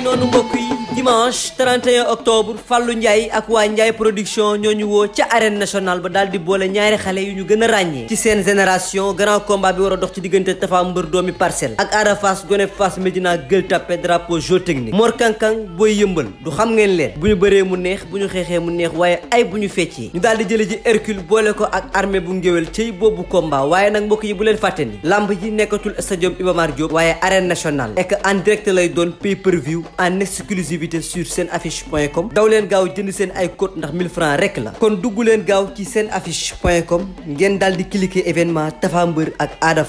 ngi noonu mbokk yi dimanche 31 octobre Fallou Ndiaye ak waa Ndiaye production ñoo ñu woo ca arène nationale ba daal di boole ñaari xale yu ñu gën a ràññee ci seen génération grand combat bi war a dox ci diggante Tapha Mbeur doomi parcelle ak Ada Fass gone Fass Médina Gueule Tapée drapeau jeu technique Mor Kankang booy yëmbal du xam ngeen leen bu ñu bëree mu neex bu ñu xeexee mu neex waaye ay bu ñu feccee ñu daal di jële ji Hercule boole ko ak armée bu ngéwél cey boobu combat waaye nag mbokk yi bu leen fàtte ni lamb ji nekkatul stadium Iba Mar Diop waaye arène nationale et que en lay doon pay activité sur seen affiche point com daw leen gaaw jënd seen ay code ndax 1000 francs rek la kon dugg leen gaaw ci seen affiche point com ngeen daal di cliquer événement Tapha Mbeur ak Ada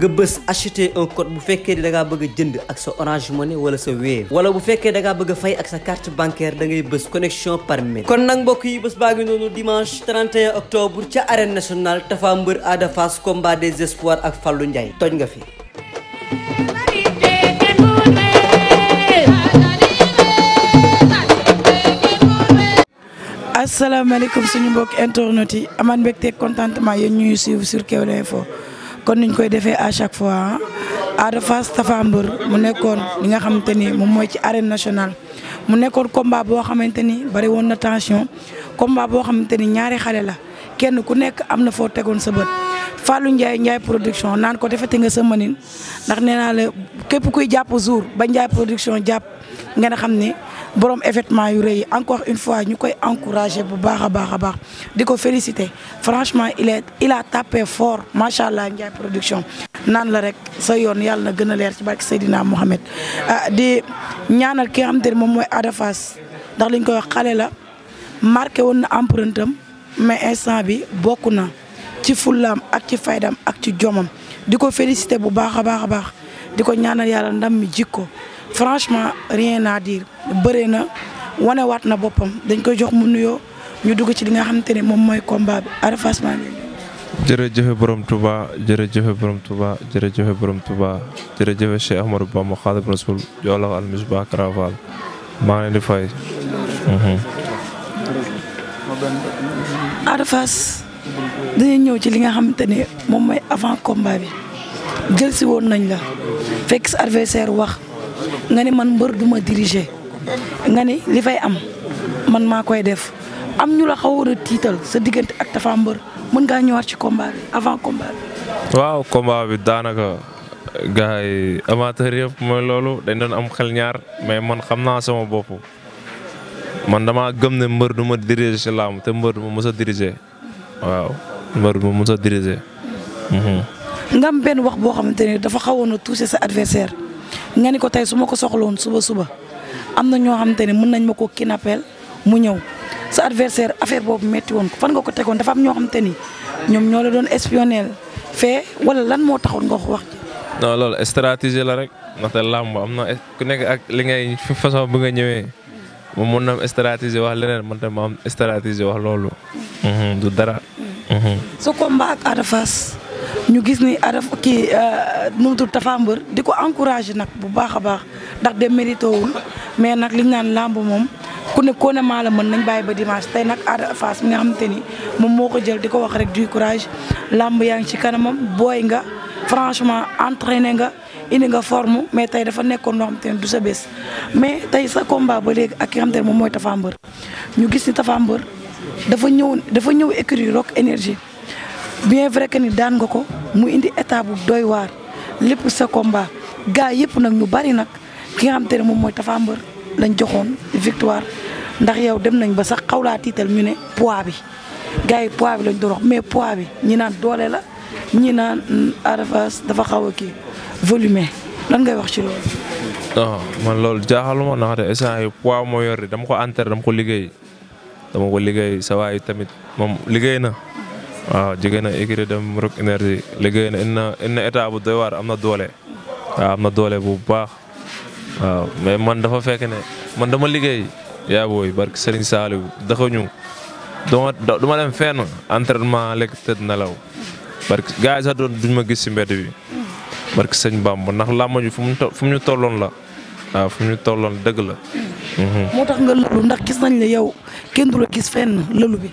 nga bës acheter un code bu fekkee da ngaa bëgg jënd ak sa Orange Money wala sa Wave wala bu fekkee da ngaa bëgg fay ak sa carte bancaire da ngay bës connexion par mail kon nag mbokk yi bés baa ngi noonu dimanche 31 octobre ca arène nationale Tapha Mbeur Ada Fass combat des espoirs ak Fallou Ndiaye toj nga fi asalaamaaleykum suñu mbokk internet yi amaan mbégte contentement yéen ñuy suivre sur Kewel Info kon niñ koy defee à chaque fois ah, Ada Fass Tapha mu nekkoon li nga xamante ni moom mooy ci arène nationale mu nekkoon combat boo xamante ni bari woon na tension combat boo xamante ni ñaari xale la kenn ku nekk am na foo tegoon sa bët Fallou Ndiaye Ndiaye production naan ko defati nga sa mënin ndax nee naa la képp kuy jàpp jour ba Ndiaye production jàpp nga xam ne borom événement yu yi encore une fois ñu koy encouragé bu baax a baax a baax di ko félicité franchement il est il a tapé allah Ndiaye production naan la rek sa yoon yàlla na gën a leer ci barke Seydina Mohamed ah di ñaanal ki nga xamante ne moom mooy Ada Fass ndax liñ koy wax xale la marqué woon na empreinte mais instant bi bokk na ci fullaam ak ci faydam ak ci jomam di ko félicité bu baax a baax a baax di ko ñaanal yàlla ndam mi jikko franchement rien à dire bëree na wanewaat na boppam dañ koy jox mu nuyoo ñu dugg ci li nga xamante ne moom mooy combat bi Ada Fass maa ngi jërëjëfe borom Touba jërëjëfe borom Touba jërëjëfe borom Touba jërëjëfe Cheikh Ahmadou Bamba Xaadimu Rasuul joolax almisbah karaval maa ngi leen di mhm. dañuy ñëw ci li nga xamante ne moom mooy avant combat bi jël si woon nañ la fekk adversaire wax. nga ni man mbër duma diriger nga ni li fay am man maa koy def am ñu la xaw a tiital sa diggante ak Tapha Mbeur mën ngaa ñëwaat ci combat avant combat waaw combat bi daanaka gars yi yëpp mooy loolu dañ doon am xel ñaar mais man xam naa sama bopp man damaa gëm ne mbër du ma diriger si làmb te mbër du ma mës a diriger waaw mbër du ma mës a diriger. Mhm. nga am benn wax boo xamante ne dafa xawoon a touché sa adversaire. nga ni ko tey su ma ko soxloon suba suba am na ñoo xamante ne mën nañ ma ko kidnappé mu ñëw sa adversaire affaire boobu metti woon ko fan nga ko tegoon dafa am ñoo xamante ni ñoom ñoo la doon espionné fee wala lan moo taxoon nga wax. non loolu stratégie la rek ndaxte làmb am na ku nekk ak li ngay fi façon bi nga ñëwee moom mën na am stratégie wax leneen man am stratégie wax loolu. Mm-hmm. Mm-hmm, du dara. Mm-hmm. sa combat ak Ada Fass ñu gis ni a araf kii euh, nu mu tudd di ko encouragé nag bu baax a baax ndax de mérité wul mais nag liñ naan làmb moom ku ne koo ne maa mën nañ bàyyi ba dimanche tey nag Ada Fass mi nga xamante ni moom moo ko jël di ko wax rek du làmb yaa ngi ci kanamam booy nga franchement entraîné nga indi nga forme mais tey dafa nekkoon loo xamante ni du sa bés mais tey sa combat ba léegi ak ki moom mooy Tapha Mbeur ñu gis ni Tapha dafa ñëw dafa ñëw écurie Énergie bien vrai que ni daan nga ko mu indi état bu doy waar lépp sa combat gars yëpp nag ñu bari nag ki nga xam te ne moom mooy Tapha Mbeur lañ joxoon victoire ndax yow dem nañ ba sax xaw xawlaa tiital ñu ne poids bi gars yi poids bi lañ doon mais poids bi ñi naan doole la ñi naan mm, arafas dafa xaw a kii volume lan ngay wax ci loolu. non man loolu jaaxaluma ndaxte instant yi poids moo yor dama ko enterré dama ko liggéey dama ko liggéey sa waay tamit moom liggéey na. waaw jigéen na écurie dem Rock Énergie liggéey na inna inna état bu doy waar am na doole waaw am na doole bu baax waaw mais man dafa fekk ne man dama liggéey yaa booy barki Serigne Saliou daxañu duma duma dem fenn entraînement lekk tëdd nelaw barki gars yi sax doon duñ ma gis si mbedd bi barki sëñ Bamba ndax làmb fu mu fu ñu tolloon la waaw fu mu ñu tolloon dëgg la mhm. moo tax nga lëlu ndax gis nañ ne yow kenn du la gis fenn lëlu bi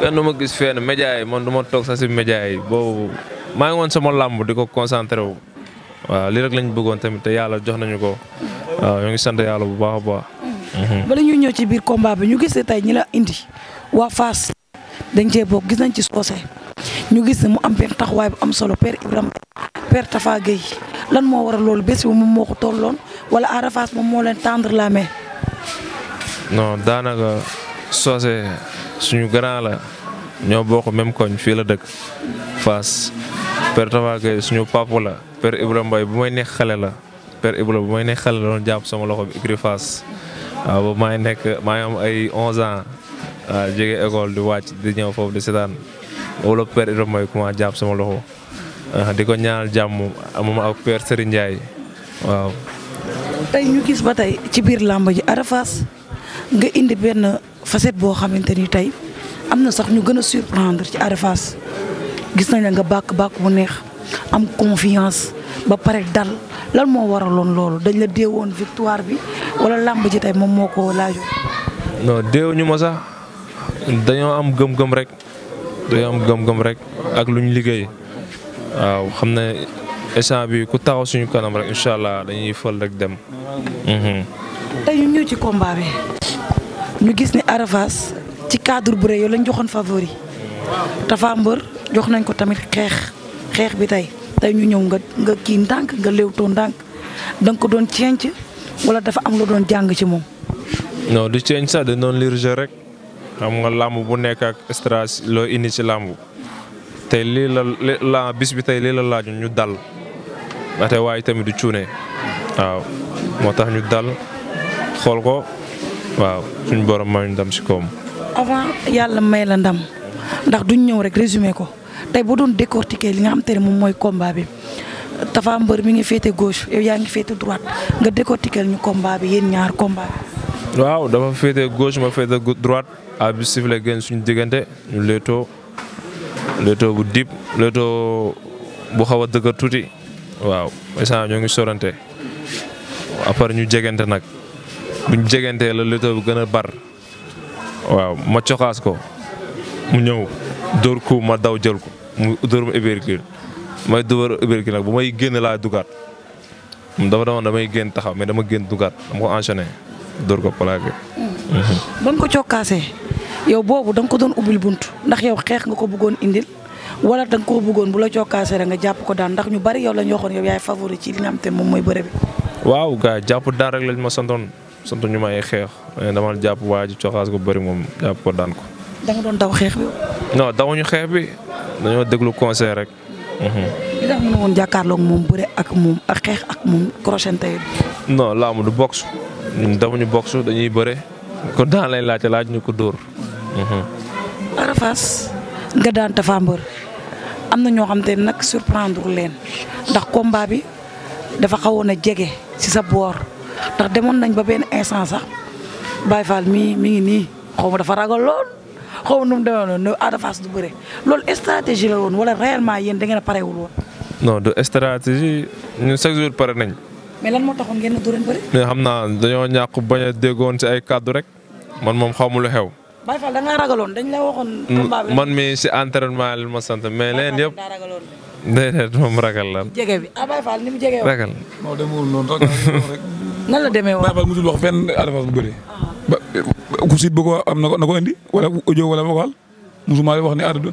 kenn du ma gis fenn média yi man du ma toog sa si média yi boobu maa ngi woon sama làmb di ko concentré wu. waaw lii rek lañ bëggoon tamit te yàlla jox nañu ko waaw ñoo ngi sant yàlla bu baax a baax. Mhm. bala ñuy ñëw ci biir combat bi ñu gis tey ñi la indi waa Fass dañ cee bokk gis nañ ci soose ñu gis ne mu am benn taxawaay bu am solo Père Ibrahima Père Tafa Gueye lan moo waral loolu bés bi moom moo ko tolloon wala Ada Fass moom moo leen tendre la main. daanaka soose. suñu grand la ñoo bokk même koñ fii la dëkk Fass Père Tafa Gueye suñu papa la Père Ibrahima Mbaye bu may nekk xale la per Ibrahima bu may nekk xale jàpp sama bi écurie Fass maa ngi nekk maa ay 11 ans waaw jóge école di wàcc di ñëw foofu di seetaan wala Père Ibrahima Mbaye ku ma jàpp sama loxo ah, di ko ñaanal jàmm moom ak Père Serigne Ndiaye waaw. tey ñu gis ba tey ci biir làmb ji Ada Fass nga indi facette boo xamante ni tey am na sax ñu gën a surprendre ci Ada gis nañ la nga bàkk bàkk bu neex am confiance ba pare dal lan moo waraloon loolu dañ la woon victoire bi wala làmb ji tey moom moo ko laajoon. non deewuñu ma sax dañoo am gëm-gëm rek dañoo am rek ak lu ñu liggéey waaw xam ne échange bi ku taxaw suñu kanam rek incha allah dañuy fël rek dem. Mhm. tey ñu ñëw ci combat bi. ñu gis ne Arafas ci cadre bu rëy lañ joxoon favori Tapha Mbeur jox nañ ko tamit xeex xeex bi tey tey ñu ñëw nga nga kii ndànk nga léewtoo ndànk danga ko doon cenc wala dafa am lu doon jàng ci moom. non du ceeñ sax da doon lirge rek xam nga làmb bu nekk ak stress loo indi ci làmb tey lii la la bis bi tey lii la laajoon ñu dal ndaxte waaye tamit du cuune waaw moo tax ñu dal xool ko. waaw suñu borom ndam si koom. avant yàlla may la ndam ndax duñ ñëw rek résumé ko te bu doon décortiquer li nga xam te ne moom mooy combat bi Tapha Mbeur mi ngi féete gauche yow yaa ngi féete droite nga décortiquer ñu combat bi yéen ñaar combat waaw dafa féete gauche ma féete droite abi sifle gën suñu diggante ñu leetoo leetoo bu dib leetoo bu xaw a dëgër tuuti waaw instant ñoo ngi sorante à ñu jegante nag. buñ jegantee la lutte bu gën a bar waaw ma coxaas ko mu ñëw dóor ko ma daw jël ko mu dóor ma uppercut may dóor uppercut nag bu may génn laa dugaat moom dafa demoon damay taxaw mais dama génn dugaat dama ko enchaîné dóor ko plaqué. Mm. ba nga ko cokkaasee yow boobu da ko doon ubbil bunt ndax yaw xeex nga ko bëggoon indil wala da nga ko bëggoon bu la cokkaasee rek nga jàpp ko daan ndax ñu bari yow la ñu waxoon yow yaay favori ci li nga xam te moom mooy bëre bi. waaw gars jàpp daan rek lañ ma santoon. sant ñu may xeex eh, dama jàpp waa ji coxaas ko bëri moom jàpp ko daan ko. da doon daw xeex bi. non dawuñu xeex bi dañoo déglu conseil rek. Mhm. li mu mënu ak moom ak ak moom crochet tey. du box ñun dawuñu box dañuy bëre ko daan lay laajte laaj ñu ko dóor. Mhm. Arafaas nga daan Tapha am na ñoo xam te nag surprendre leen ndax komba bi dafa xawoon a jege ci sa boor. ndax demoon nañ ba benn instant sax Baye Fall mi mi nii xaw ma dafa ragal lool xaw ma nu mu demee noonu ne Ada Fass du bëre loolu stratégie la woon wala réellement yéen da ngeen a parewul woon. non du stratégie ñun chaque jour pare nañ. mais lan moo taxoon ngeen du leen bëri. mais xam naa dañoo ñàkk bañ a déggoon ci ay kàddu rek man moom xaw ma lu xew. Baye Fall da ragaloon dañ la waxoon. man mi si entraînement la ma sant mais leen yëpp. déedéet moom ragal la. jege bi ah nan la demee woon Baye Fall musul wax fenn avance bu bëri. ba ku siit am na ko na ko indi wala audio wala vocal musuma wax ne àdduna.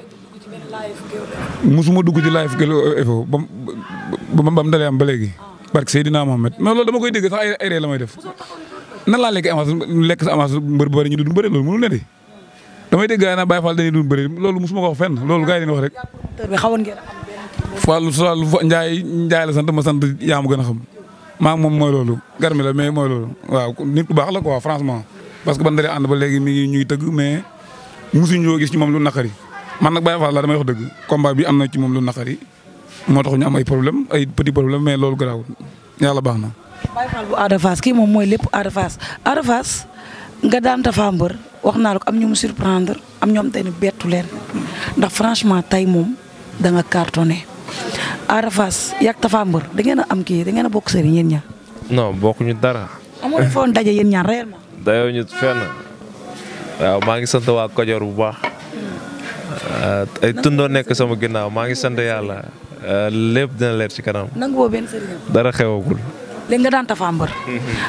musuma dugg ci live Kelle euh, ba mu ba mu dalee am ba léegi. barke Seydina Mohamed loolu dama koy dégg ay ay def. nan laa lekk lekk sa avance mbër bu bëri ñu dund bëri loolu mënul ne de. damay dégg gars yi naan Baye Fall dañuy dund bëri loolu musuma ko wax fenn loolu gars yi dañuy wax rek. Fallou Sall Ndiaye Ndiaye la sant ma sant yaa ma gën a xam. maa moom mooy loolu garmi la mais mooy loolu waaw nit ku baax la quoi franchement. parce que ban dalee ànd ba léegi mi ngi ñuy tëgg mais mosuñu yoo gis ci moom lu naqari man nag Baye Fall la damay wax dëgg combat bi am na ci moom lu naqari moo tax ñu am ay problème ay petit problème mais loolu garaawul la baax na. Baye Fall bu Ada kii moom mooy lépp Ada Fass nga daan Tapha wax naa la ko am ñu mu surprendre am ñoom tey ni bettu leen ndax franchement tey moom da nga cartonné. Ada Fass yàgg Tapha Mbeur am kii da ngeen a bokk sëriñ yéen no non ñu dara. amoo leen foon daje yéen ñaar réellement. dayoo ñu fenn waaw maa ngi sant waa Kajoor bu baax. Ah. ay nekk sama ginnaaw maa ngi sant yàlla lépp dina leer ci kanam. nangu woo benn xewagul. léegi nga daan Tapha mhm.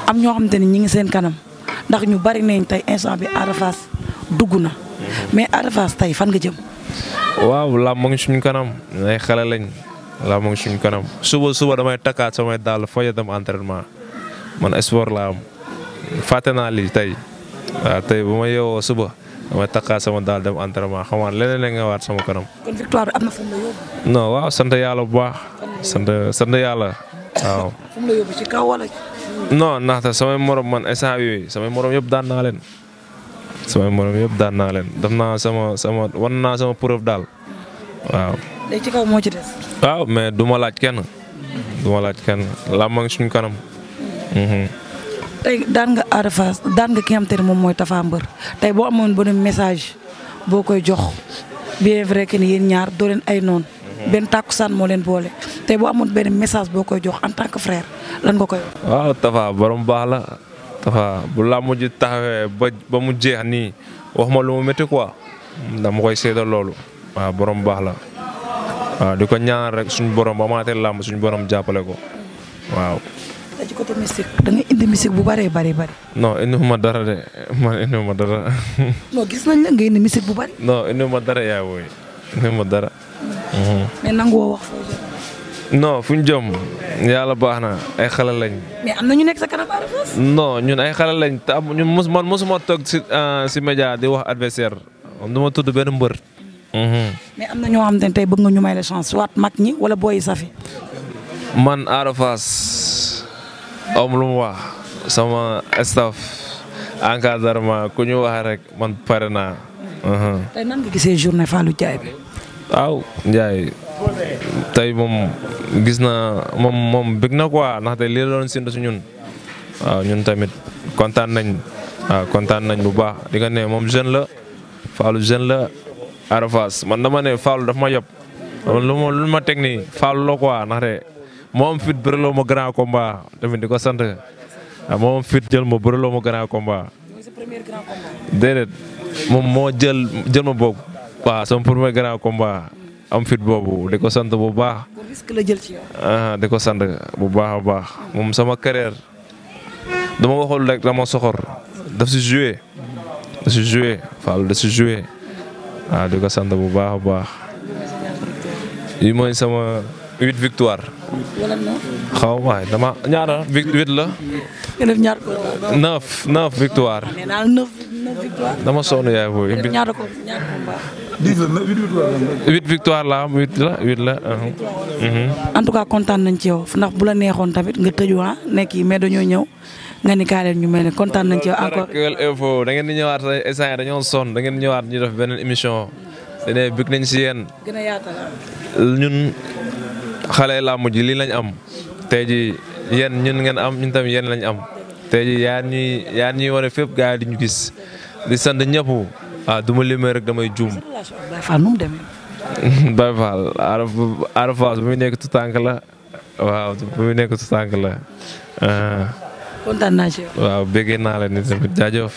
am ñoo xamante ni ñi ngi seen kanam ndax ñu bari nañ tey instant bi Ada dugg na. Mhm. mais Ada tey fan nga jëm. waaw làmb mu ngi kanam ay xale la mu ngi suñ kanam suba suba damay takkaat samay dàll fooy dem entraînement man sport laa am fàtte naa lii tey waaw tey bu ma suba damay takkaat sama daal dem entraînement xam nga leneen la nga waat sama sant yàlla bu baax. sant sant yàlla waaw. fu mu la samay morom man instant yooyu samay morom yëpp daan naa leen. samay morom yëpp daan naa leen def naa sama sama wan naa sama preuve daal waaw. waaw mais du ma laaj kenn du ma laa ma ngi suñu kanam. Mhm. te daan nga Ada Fass daan nga ki nga xamante ne moom mooy Tapha Mbeur tey boo amoon benn message boo koy jox bien vrai que ni ñaar doo ay noonu. Mhm. benn tàkkusaan moo leen boole tey boo amoon benn message boo koy jox en tant que frère lan nga koy wax. waaw Tapha borom baax la Tapha bu làmb ji taxawee ba mu jeex nii wax ma lu mu métti quoi koy seedal loolu waa borom baax la. waaw di ko ñaan rek suñu borom ba amaatee làmb suñu borom jàppale ko waaw. ci indi musique bu bëree bëri bëri. non indiwuma dara de man gis nañ la nga indi musique bu bëri. non indiwuma dara yaa wooy indiwuma dara. Mhm. mais na ay xale lañ. mais am na ñun ay xale lañ te am ñun toog si si euh, média di wax adversaire du ma tudd benn mbër. Mhm. mais am na ñoo xam ne tey bëgg nga ñu may la chance waat mag ñi wala booy safi man Ada Fass am lu mu wax sama staff encadrement ku wax rek man pare naa. Mhm. tey nan nga gisee journée Fallou Ndiaye bi. waaw Ndiaye tey moom gis na moom moom bëgg na quoi ndaxte lii la si ñun waaw ñun tamit kontaan nañ waaw kontaan nañ bu baax di nga ne la Fallou jeune la. Arafas man dama ne Fallou ma yóbbu lu ma lu ma teg nii Fallou la quoi ndax de fit bëreloo ma grand combat tamit di ko ah, moom jël ma bëreloo ma moo jël jël ma boobu waaw sama premier grand combat am fit boobu di ko sant bu baax. risque la jël ah, bu baax a baax moom sama carrière dama waxul rek dama soxor daf si joué daf si joué waaw ah, di ko sant bu baax a baax. yi mooy sama huit victoire. xaw ma dama ñaara ah, la. nga def ñaar ko. neuf yaay booy. ñaar la huit victoire la am. huit la am huit ah. nañ ci yow ndax bu neexoon tamit nga tëjuwaa nekk yi dañoo ñëw. nga ni kaa leen ñu mel ne kontaan nañ ci yow encore. Kewel Info da ngeen di ñëwaat instant yii dañoo sonn da ngeen di ñëwaat ñu def beneen émission. dene bëgg si yen gën ñun xale làmb ji lii lañ am tey ji yéen ñun ngeen am ñun tamit yéen lañ am tey ji yaa yaa ñuy wane fépp gars di ñu gis di sant ñëpp ah du ma limee rek damay juum. Baye Fall nu mu demee. Baye Fall Ada Fass nekk tutànk la waaw bu muy nekk tutànk la. Ah. kontaan naa ci yow. waaw bëggee naa la ni tamit jaajëf.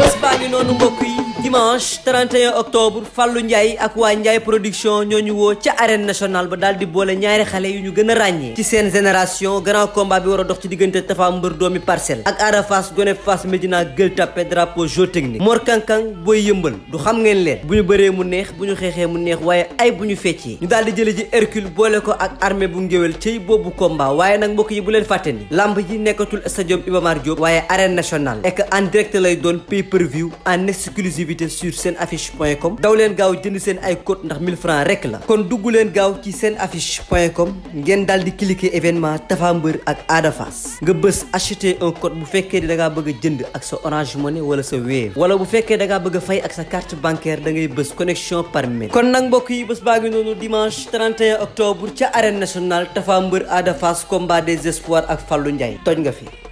bés baa ngi noonu mbokk yi dimanche 31 octobre Fallou Ndiaye ak waa Ndiaye production ñoo ñu woo ca arène nationale ba daal di boole ñaari xale yu ñu gën a ràññee ci seen génération grand combat bi war a dox ci diggante Tapha Mbeur doomi parcelle ak Ada Fass gone Fass Médina Gueule Tapée drapeau jeu technique Mor Kankang booy yëmbal du xam ngeen leen bu ñu bëree mu neex bu ñu xeexee mu neex waaye ay bu ñu feccee ñu daal di jële ji Hercule boole ko ak armée bu ngéwél cey boobu combat waaye nag mbokk yi bu leen fàtte ni lamb ji nekkatul stadium Iba Mar Diop waaye arène nationale et lay doon pay per publicité sur seen affiche point com daw leen gaaw jënd seen ay code ndax 1000 francs rek la kon dugg leen gaaw ci seen affiche point com ngeen daal di cliquer événement Tapha Mbeur ak Ada nga bës acheter un code bu fekkee da ngaa bëgg jënd ak sa Orange Money wala sa Wave wala bu fekkee da ngaa bëgg a ak sa carte bancaire da ngay bës connexion par mail kon nag mbokk yi bés baa ngi noonu dimanche 31 octobre ca arène national Tapha Mbeur Ada Fass combat des espoirs ak Fallou Ndiaye nga fi